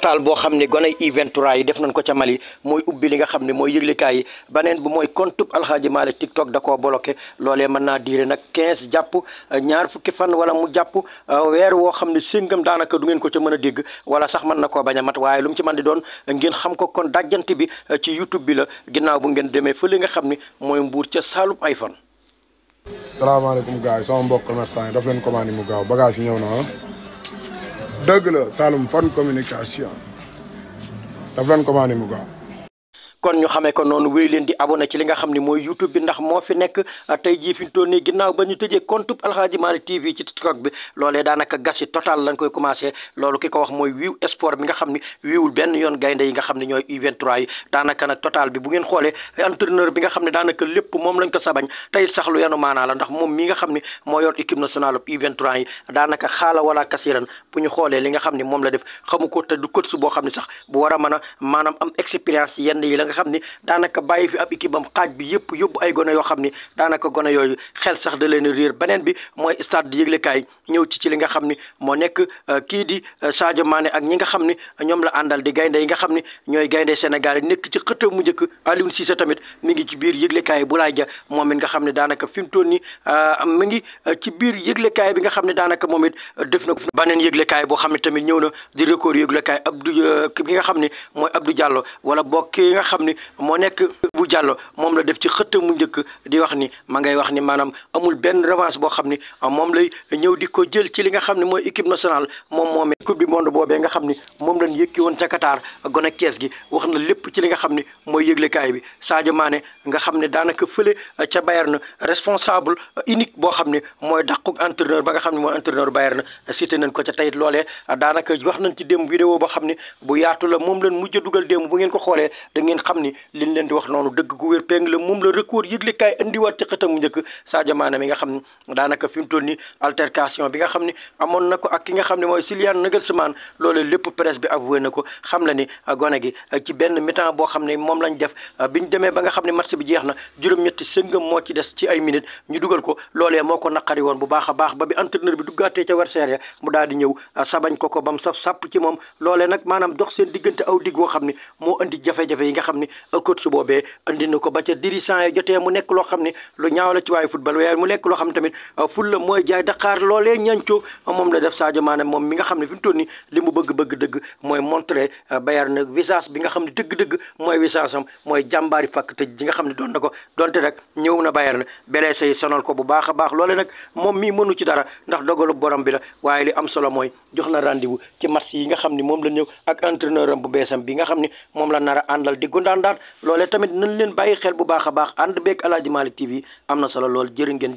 total boo xam ne gonay U23 yi def nañ ko ca Mali mooy ubbi li nga xam ne mooy yëglikaay yi baneen bu mooy compte Alxaaji Malick TikTok da ko bloqué loolee mën naa diire na 15 jàpp euh, ñaar fukki fan wala mu jàpp euh, weer woo xam ne séngam daanaka du ngeen ko ca mën a dégg wala sax mën na ko bañ a mat waaye lu ci mën di doon ngeen xam ko kon dajjante bi euh, ci YouTube bi la ginnaaw bu ngeen demee fële nga xam ne mooy mbuur ca Saalum ay fan. salaamaaleykum gars yi sama mbokk commerçant yi daf leen commande mu gaaw bagage yi dëgg la Saloum Fane communication daf leen commandé mu gaaw kon ñu xamee ko noonu wéy leen di abonné ci li nga xam ne mooy youtube bi ndax moo fi nekk ah, tey jii fi mu toll nii ginnaaw ba ñu tëjee compte Aladji Malick TV ci tiktok bi loolee daanaka gasi total lañ koy commencé loolu ki ko wax mooy wiiw sport bi nga xam ni wiiwul benn yoon gaynde yi nga xam ne ñooy u yi daanaka nag total bi bu ngeen xoolee entraîneur bi nga xam ne daanaka lépp moom lañ ko sabañ tey sax lu yenu maana la ndax moom mi nga xam ne moo yor équipe nationale U23 yi daanaka xaala wala kasiran bu ñu xoolee li nga xam ne moom la def xamu ko te du coach boo xam ne sax bu war a mën a maanaam am expérience yi la nga xam ni daanaka bàyyi fi ab équipe am xaaj bi yëpp yóbbu ay gone yoo xam ni daanaka gone yooyu xel sax da leen réer beneen bi mooy stade yëglekaay ñëw ci ci li nga xam ni moo nekk euh, kii di euh, Sadio Mané ak ñi nga xam ni ñoom la àndal di gaynde yi nga xam ni ñooy gaynde Sénégal yi nekk ci xëta mu njëkk Aliou Cissé tamit mi ngi ci biir yëglekaay Boulaye Dia moom it nga xam ne daanaka fi mu toll nii euh, mi ngi ci biir yëglekaay bi nga xam ne daanaka moom it def na baneen yëglekaay boo xam ne tamit ñëw na di record yëglekaay Abdou ki nga xam ni mooy Abdou Diallo wala bokk nga xam xam ni moo nekk bu jàllo moom la def ci xëtt mu njëkk di wax ni ma ngay wax ni maanaam amul benn revanche boo xam ni moom lay ñëw di ko jël ci li nga xam ne mooy équipe nationale moom moomee coupe du monde boobee nga xam ni moom lañ yëkki woon ca Qatar gone kees gi wax na lépp ci li nga xam ni mooy yëglekaay bi Sadio Mané nga xam ne daanaka fële ca Bayern responsable unique boo xam ne mooy dàqu entraîneur ba nga xam ne mooy entraîneur na cité nañ ko ca tayit loolee daanaka wax nañ ci démb vidéo boo xam ne bu yaatu la moom lañ mujj dugal démb bu ngeen ko xoolee xam ni liñ leen di wax noonu dëgg gu wér péng la moom la bi nga na ko ak ki xam ne mooy Sylviane Nagelsmann loolu lépp presse bi avoué na ko gi ci benn mi boo xam ne moom lañ def biñ demee ba nga xam ne match bi jeex na juróom-ñetti sëngam moo ci des ci ay minutes ñu dugal ko loolee moo ko naqari woon bu baax a baax ba bi entraîneur bi duggaatee ca werseer ya mu daal di ñëw ah, sabañ ko ko bam saf sàpp ci moom loolee nag maanaam dox seen diggante aw digg woo xam ne moo indi jafe-jafe yi nga xam xam ni coach boobee andi na ko ba ca dirigeant yi jotee mu nekk loo xam ni lu ñaaw la ci waaye football waaye mu nekk loo xam tamit euh, ful la mooy jaay Dakar loolee euh, euh, bi nga xam te ji nga xam ne doon ko donte nag ñëw na Bayern blessé yi sonal ko bu baax a baax loole nag moom mii mënu ci dara ndax dogalu borom bi la waaye li am solo mooy jox na rendez ci match yi nga xam ne moom la ñëw ak entraîneur am bu beesam bi nga xam ne moom la nar a di gunda kontaandaat loolee tamit nañ leen bàyyi xel bu baax a baax ànd beeg Aladji Malick TV am na solo lool jërë ngeen